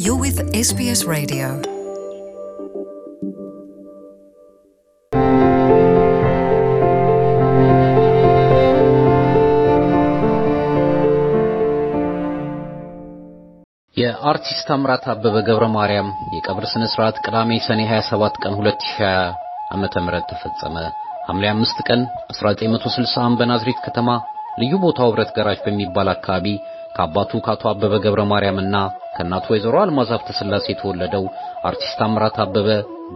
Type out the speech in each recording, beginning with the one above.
You're with SBS Radio. የአርቲስት አምራት አበበ ገብረ ማርያም የቀብር ስነ ስርዓት ቅዳሜ ሰኔ 27 ቀን 2020 ዓመተ ምህረት ተፈጸመ። ሐምሌ 5 ቀን 1960 በናዝሬት ከተማ ልዩ ቦታው ህብረት ገራጅ በሚባል አካባቢ ከአባቱ ከአቶ አበበ ገብረ ማርያምና ከእናቱ ወይዘሮ አልማዝ ሀብተ ሥላሴ የተወለደው አርቲስት አምራት አበበ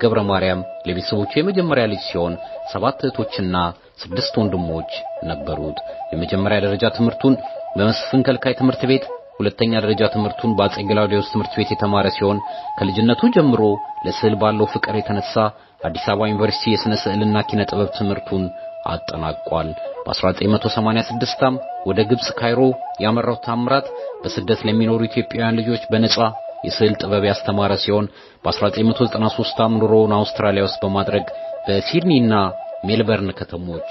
ገብረ ማርያም ለቤተሰቦቹ የመጀመሪያ ልጅ ሲሆን ሰባት እህቶችና ስድስት ወንድሞች ነበሩት። የመጀመሪያ ደረጃ ትምህርቱን በመስፍን ከልካይ ትምህርት ቤት ሁለተኛ ደረጃ ትምህርቱን በአጼ ገላውዲዮስ ትምህርት ቤት የተማረ ሲሆን ከልጅነቱ ጀምሮ ለስዕል ባለው ፍቅር የተነሳ አዲስ አበባ ዩኒቨርሲቲ የሥነ ስዕልና ኪነ ጥበብ ትምህርቱን አጠናቋል። በ1986 ዓ.ም ወደ ግብጽ ካይሮ ያመራው ታምራት በስደት ለሚኖሩ ኢትዮጵያውያን ልጆች በነጻ የስዕል ጥበብ ያስተማረ ሲሆን በ1993 ዓ.ም ኑሮውን አውስትራሊያ ውስጥ በማድረግ በሲድኒና ሜልበርን ከተሞች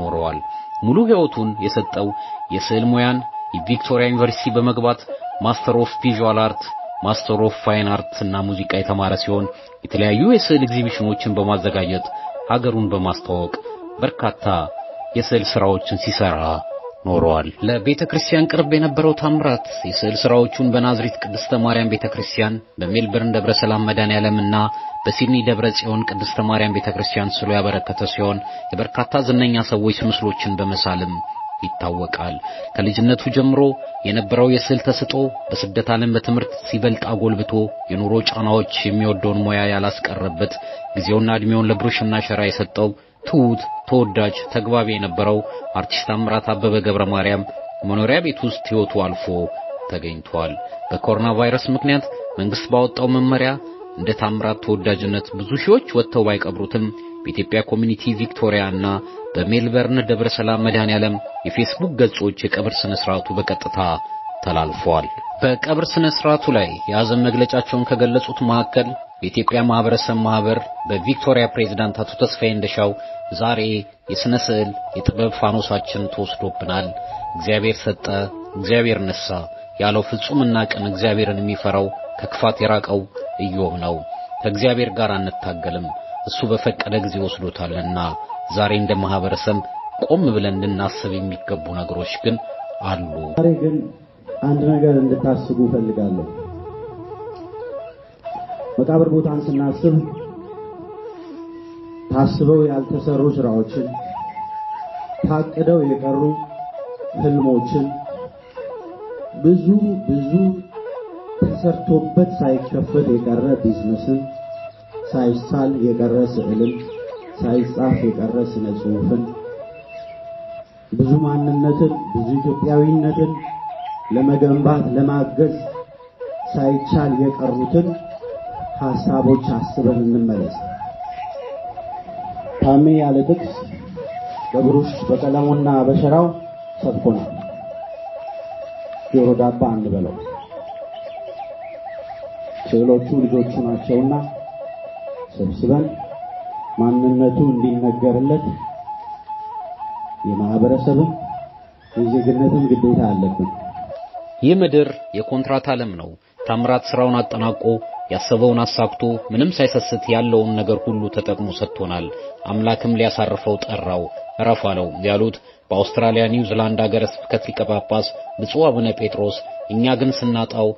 ኖረዋል። ሙሉ ሕይወቱን የሰጠው የስዕል ሙያን የቪክቶሪያ ዩኒቨርሲቲ በመግባት ማስተር ኦፍ ቪዥዋል አርት ማስተር ኦፍ ፋይን እና ሙዚቃ የተማረ ሲሆን የተለያዩ የስዕል ኤግዚቢሽኖችን በማዘጋጀት ሀገሩን በማስተዋወቅ በርካታ የስዕል ስራዎችን ሲሰራ ኖረዋል። ለቤተ ክርስቲያን ቅርብ የነበረው ታምራት የስዕል ስራዎቹን በናዝሬት ቅድስተ ማርያም ቤተ ክርስቲያን፣ በሜልበርን ደብረ ሰላም መድኃኔዓለምና በሲድኒ ደብረ ጽዮን ቅድስተ ማርያም ቤተ ክርስቲያን ስሎ ያበረከተ ሲሆን የበርካታ ዝነኛ ሰዎች ምስሎችን በመሳልም ይታወቃል። ከልጅነቱ ጀምሮ የነበረው የስዕል ተስጦ በስደት ዓለም በትምህርት ሲበልጥ አጎልብቶ የኑሮ ጫናዎች የሚወደውን ሙያ ያላስቀረበት ጊዜውና እድሜውን ለብሩሽና ሸራ የሰጠው ትሑት፣ ተወዳጅ፣ ተግባቢ የነበረው አርቲስት አምራት አበበ ገብረ ማርያም መኖሪያ ቤት ውስጥ ሕይወቱ አልፎ ተገኝቷል። በኮሮና ቫይረስ ምክንያት መንግስት ባወጣው መመሪያ እንደ ታምራት ተወዳጅነት ብዙ ሺዎች ወጥተው ባይቀብሩትም በኢትዮጵያ ኮሚኒቲ ቪክቶሪያ እና በሜልበርን ደብረ ሰላም መድኃኔ ዓለም የፌስቡክ ገጾች የቀብር ስነ ስርዓቱ በቀጥታ ተላልፏል። በቀብር ስነ ስርዓቱ ላይ የሐዘን መግለጫቸውን ከገለጹት መካከል የኢትዮጵያ ማህበረሰብ ማህበር በቪክቶሪያ ፕሬዝዳንት አቶ ተስፋዬ እንደሻው ዛሬ የስነ ስዕል የጥበብ ፋኖሳችን ተወስዶብናል፣ እግዚአብሔር ሰጠ፣ እግዚአብሔር ነሳ ያለው ፍጹምና ቅን እግዚአብሔርን የሚፈራው ከክፋት የራቀው ኢዮብ ነው። ከእግዚአብሔር ጋር አንታገልም፣ እሱ በፈቀደ ጊዜ ወስዶታልና ዛሬ እንደ ማህበረሰብ ቆም ብለን ልናስብ የሚገቡ ነገሮች ግን አሉ። ዛሬ ግን አንድ ነገር እንድታስቡ እፈልጋለሁ። መቃብር ቦታን ስናስብ ታስበው ያልተሰሩ ስራዎችን፣ ታቅደው የቀሩ ህልሞችን፣ ብዙ ብዙ ተሰርቶበት ሳይከፈት የቀረ ቢዝነስን፣ ሳይሳል የቀረ ስዕልን ሳይጻፍ የቀረ ስነ ጽሑፍን ብዙ ማንነትን ብዙ ኢትዮጵያዊነትን ለመገንባት ለማገዝ ሳይቻል የቀሩትን ሐሳቦች አስበን እንመለስ። ታሜ ያለ ጥቅስ በብሩሽ በቀለሙና በሸራው ሰብኮናል። ጆሮ ዳባ አንበለው። ስዕሎቹ ልጆቹ ናቸውና ሰብስበን ማንነቱ እንዲነገርለት የማህበረሰብም የዜግነትም ግዴታ አለብን። ይህ ምድር የኮንትራት ዓለም ነው። ታምራት ስራውን አጠናቆ ያሰበውን አሳክቶ ምንም ሳይሰስት ያለውን ነገር ሁሉ ተጠቅሞ ሰጥቶናል። አምላክም ሊያሳርፈው ጠራው፣ እረፍ አለው ያሉት በአውስትራሊያ ኒውዚላንድ አገረ ስብከት ሊቀ ጳጳስ ብፁዕ አቡነ ጴጥሮስ፣ እኛ ግን ስናጣው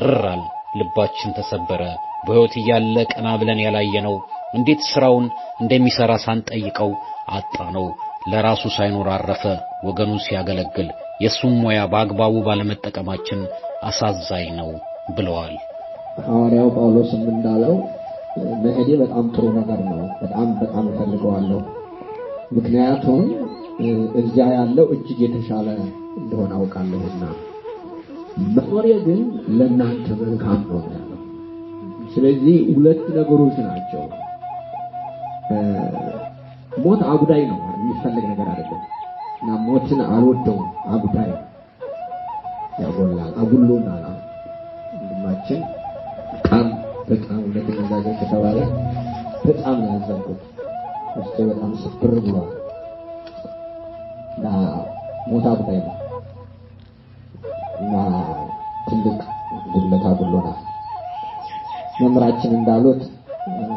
እርራል፣ ልባችን ተሰበረ። በሕይወት እያለ ቀና ብለን ያላየነው እንዴት ስራውን እንደሚሰራ ሳንጠይቀው አጣ ነው። ለራሱ ሳይኖር አረፈ። ወገኑን ሲያገለግል የሱም ሙያ በአግባቡ ባለመጠቀማችን አሳዛኝ ነው ብለዋል። ሐዋርያው ጳውሎስ እንዳለው በእኔ በጣም ጥሩ ነገር ነው። በጣም በጣም እፈልገዋለሁ። ምክንያቱም እዚያ ያለው እጅግ የተሻለ እንደሆነ አውቃለሁና መኖሬ ግን ለእናንተ መልካም ነው ያለው። ስለዚህ ሁለት ነገሮች ናቸው ሞት አጉዳይ ነው የሚፈለግ ነገር አይደለም እና ሞትን አልወደውም። አጉዳይ ያጎላል፣ አጉሎናል። ወንድማችን በጣም በጣም እውነት እንዛዘን ከተባለ በጣም ነው ያዘንኩት። ውስጤ በጣም ስብር ብሏል እና ሞት አጉዳይ ነው እና ትልቅ ጉድለት አጉሎናል። መምህራችን እንዳሉት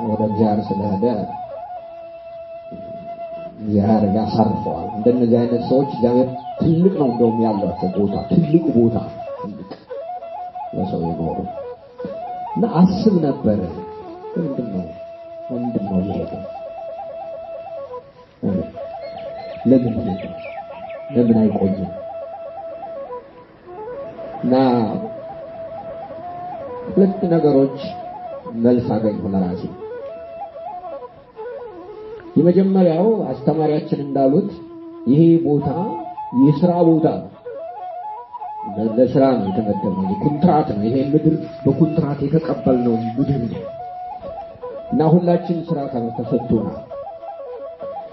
ወደ እግዚአብሔር ስለሄደ ያደረገ አሳርፈዋል። እንደነዚህ አይነት ሰዎች እግዚአብሔር ትልቅ ነው እንደውም ያላቸው ቦታ ትልቅ ቦታ ትልቅ ለሰው የኖሩ እና አስብ ነበረ ምንድን ነው ምንድን ነው ይሄ ለምን ሄደ ለምን አይቆይም? እና ሁለት ነገሮች መልስ አገኝ ሆነ ራሴ የመጀመሪያው አስተማሪያችን እንዳሉት ይሄ ቦታ የስራ ቦታ ነው። ለስራ ነው የተመደበው፣ ኮንትራት ነው። ይሄ ምድር በኮንትራት የተቀበልነው ምድር ነው እና ሁላችን ስራ ተሰጥቶናል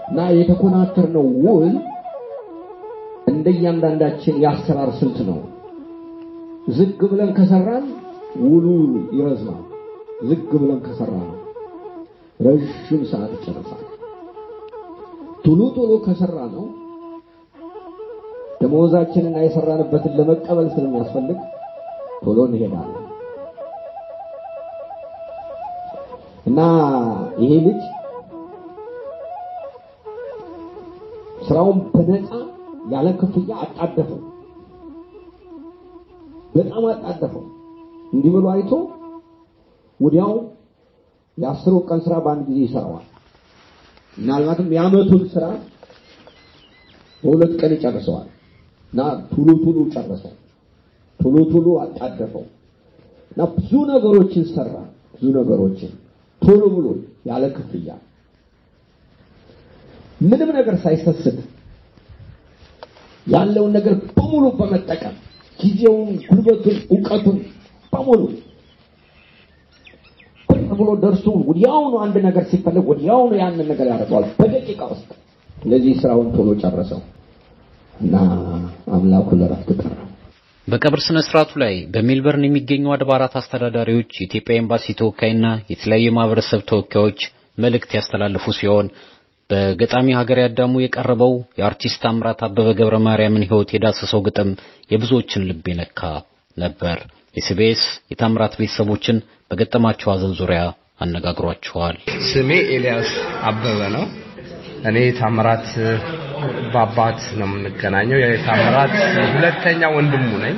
እና የተኮናተርነው ውል እንደ እያንዳንዳችን የአሰራር ስልት ነው። ዝግ ብለን ከሰራን ውሉ ይረዝማል። ዝግ ብለን ነው ረዥም ሰዓት ይጨርሳል። ቶሎ ቶሎ ከሰራ ነው ደመወዛችንና የሰራንበትን ለመቀበል ስለሚያስፈልግ ቶሎ እንሄዳለን እና ይሄ ልጅ ስራውን በነፃ ያለ ክፍያ አጣደፈው። በጣም አጣደፈው። እንዲህ ብሎ አይቶ ወዲያው የአስሩ ቀን ስራ በአንድ ጊዜ ይሰራዋል። ምናልባትም የአመቱን ስራ በሁለት ቀን ይጨርሰዋል እና ቱሉ ቱሉ ጨረሰው፣ ቱሉ ቱሉ አጣደፈው እና ብዙ ነገሮችን ሰራ። ብዙ ነገሮችን ቶሎ ብሎ ያለ ክፍያ ምንም ነገር ሳይሰስት ያለውን ነገር በሙሉ በመጠቀም ጊዜውን፣ ጉልበቱን፣ እውቀቱን በሙሉ ብሎ ደርሶ ወዲያውኑ አንድ ነገር ሲፈልግ ወዲያውኑ ያንን ነገር ያደርገዋል በደቂቃ ውስጥ። ስለዚህ ስራውን ቶሎ ጨረሰው እና አምላኩ ለረፍት ጠራው። በቀብር ስነ ስርዓቱ ላይ በሜልበርን የሚገኙ አድባራት አስተዳዳሪዎች፣ የኢትዮጵያ ኤምባሲ ተወካይና የተለያዩ የማህበረሰብ ተወካዮች መልእክት ያስተላልፉ ሲሆን በገጣሚ ሀገር ያዳሙ የቀረበው የአርቲስት ታምራት አበበ ገብረ ማርያምን ሕይወት የዳሰሰው ግጥም የብዙዎችን ልብ የነካ ነበር። ኤስቢኤስ የታምራት ቤተሰቦችን በገጠማቸው አዘን ዙሪያ አነጋግሯቸዋል። ስሜ ኤልያስ አበበ ነው። እኔ ታምራት ባባት ነው የምንገናኘው። የታምራት ሁለተኛ ወንድሙ ነኝ።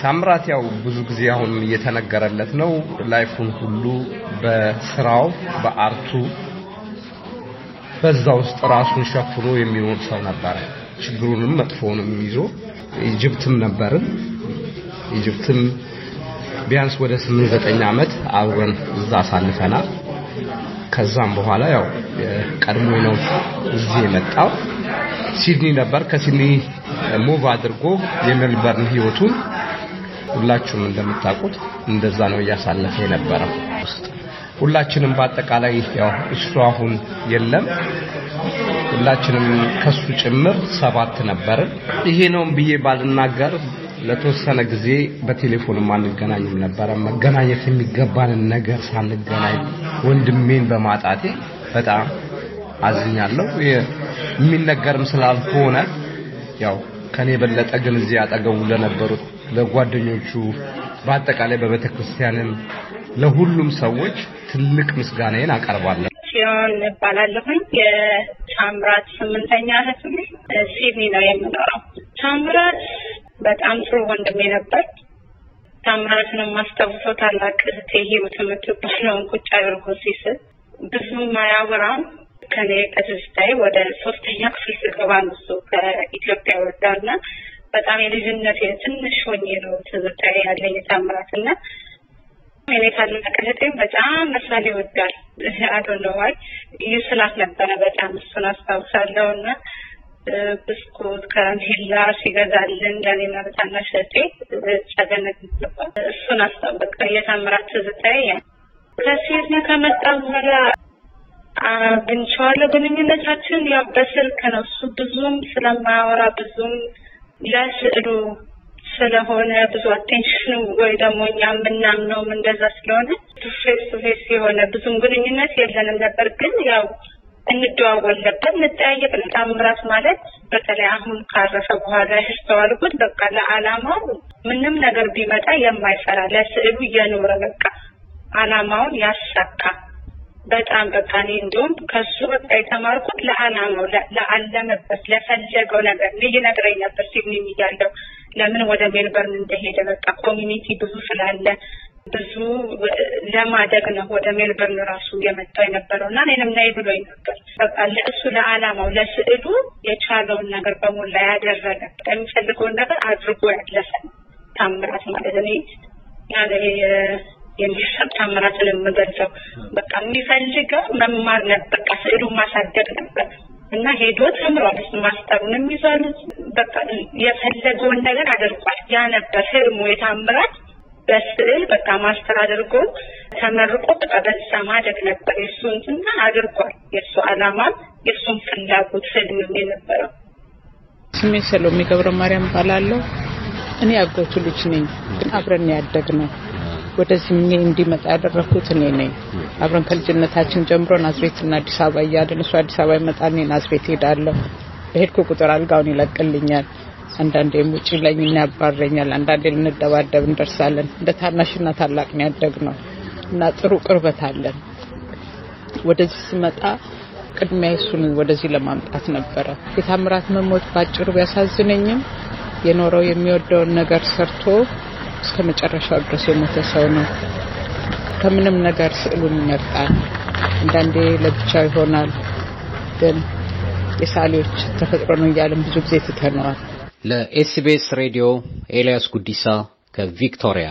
ታምራት ያው ብዙ ጊዜ አሁን እየተነገረለት ነው። ላይፉን ሁሉ በስራው በአርቱ በዛ ውስጥ ራሱን ሸፍኖ የሚኖር ሰው ነበረ። ችግሩንም መጥፎውንም ይዞ ኢጅፕትም ነበርን። ኢጅፕትም ቢያንስ ወደ 8 ዘጠኝ ዓመት አብረን እዛ አሳልፈናል። ከዛም በኋላ ያው ቀድሞ ነው እዚህ የመጣው ሲድኒ ነበር። ከሲድኒ ሙቭ አድርጎ የሜልበርን ህይወቱን ሁላችሁም እንደምታውቁት እንደዛ ነው እያሳለፈ የነበረው። ሁላችንም በአጠቃላይ ያው እሱ አሁን የለም። ሁላችንም ከሱ ጭምር ሰባት ነበርን። ይሄ ነው ብዬ ባልናገር ለተወሰነ ጊዜ በቴሌፎንም አንገናኝም ነበረ። መገናኘት የሚገባንን ነገር ሳንገናኝ ወንድሜን በማጣቴ በጣም አዝኛለሁ። የሚነገርም ስላልሆነ ያው ከኔ የበለጠ ግን እዚህ አጠገቡ ለነበሩት ለጓደኞቹ፣ በአጠቃላይ በቤተ ለሁሉም ሰዎች ትልቅ ምስጋናዬን አቀርባለሁ። ሲሆን እባላለሁኝ። የታምራት ስምንተኛ ዓመት ሲድኒ ነው የምኖረው። ታምራት በጣም ጥሩ ወንድሜ ነበር። ታምራትን የማስታውሰው ታላቅ እህቴ ህይወት የምትባለውን ቁጭ አድርጎ ሲስል ብዙም አያወራም። ከኔ ቀትስታይ ወደ ሶስተኛ ክፍል ስገባ ንሱ ከኢትዮጵያ ወዳና በጣም የልጅነት ትንሽ ሆኜ ነው ትዝታ ያለኝ ታምራት እና እኔ ታላቅ እህቴም በጣም መሳል ይወዳል። አዶነዋይ ይስላት ነበረ። በጣም እሱን አስታውሳለሁ እና ብስኩት ከረሜላ ሲገዛልን ለኔና ለታናሽ እህቴ ጨገነት ይገባል። እሱን አስታወቀ የታምራት ትዝታዬ ከሴት ከመጣ በኋላ አግኝቼዋለሁ። ግንኙነታችን ያው በስልክ ነው። እሱ ብዙም ስለማያወራ ብዙም ለስዕሉ ስለሆነ ብዙ አቴንሽን ወይ ደግሞ እኛ የምናምነውም እንደዛ ስለሆነ ፌስ ቱ ፌስ የሆነ ብዙም ግንኙነት የለንም ነበር ግን ያው እንደዋወል ነበር፣ እንጠያየቅ። ታምራት ማለት በተለይ አሁን ካረፈ በኋላ ያስተዋልኩት በቃ ለዓላማው ምንም ነገር ቢመጣ የማይፈራ ለስዕሉ እየኖረ በቃ ዓላማውን ያሳካ በጣም በቃ እኔ እንዲሁም ከሱ በቃ የተማርኩት ለዓላማው ለአለመበት ለፈለገው ነገር ይነግረኝ ነበር ሲድኒ እያለሁ ለምን ወደ ሜልበርን እንደሄደ በቃ ኮሚኒቲ ብዙ ስላለ ብዙ ለማደግ ነው ወደ ሜልበርን ራሱ የመጣው የነበረው እና እኔንም ናይ ብሎኝ ነበር። በቃ ለእሱ ለዓላማው ለስዕሉ የቻለውን ነገር በሞላ ያደረገ የሚፈልገውን ነገር አድርጎ ያለፈ ታምራት ማለት እኔ የሚሰብ ታምራትን የምገልጸው በቃ የሚፈልገው መማር ነበር። በቃ ስዕሉ ማሳደግ ነበር እና ሄዶ ተምሯል። ማስጠሩን የሚዘሉት በቃ የፈለገውን ነገር አድርጓል። ያ ነበር ህልሙ የታምራት በስዕል በቃ ማስተር አድርጎ ተመርቆ በቃ በዛ ማደግ ነበር የእሱ እንትና አድርጓል። የእሱ አላማም የእሱም ፍላጎት ህልምም የነበረው። ስሜ ሰሎሜ ገብረ ማርያም ባላለሁ። እኔ አጎቱ ልጅ ነኝ፣ ግን አብረን ያደግ ነው። ወደዚህ ምን እንዲመጣ ያደረኩት እኔ ነኝ። አብረን ከልጅነታችን ጀምሮ ናዝሬት ናዝሬትና አዲስ አበባ እያለን እሱ አዲስ አበባ ይመጣል፣ እኔ ናዝሬት ሄዳለሁ። በሄድኩ ቁጥር አልጋውን ይለቅልኛል አንዳንዴም ውጭ ይለኝና ያባረኛል። አንዳንዴ ልንደባደብ እንደርሳለን። እንደ ታናሽና ታላቅ ነው ያደግነው እና ጥሩ ቅርበት አለን። ወደዚህ ስመጣ ቅድሚያ እሱን ወደዚህ ለማምጣት ነበረ። የታምራት መሞት ባጭሩ ቢያሳዝነኝም የኖረው የሚወደውን ነገር ሰርቶ እስከ መጨረሻው ድረስ የሞተ ሰው ነው። ከምንም ነገር ስዕሉን ይመርጣል። አንዳንዴ ለብቻው ይሆናል፣ ግን የሳሌዎች ተፈጥሮ ነው እያለን ብዙ ጊዜ ትተነዋል። ለኤስቢኤስ ሬዲዮ ኤልያስ ጉዲሳ ከቪክቶሪያ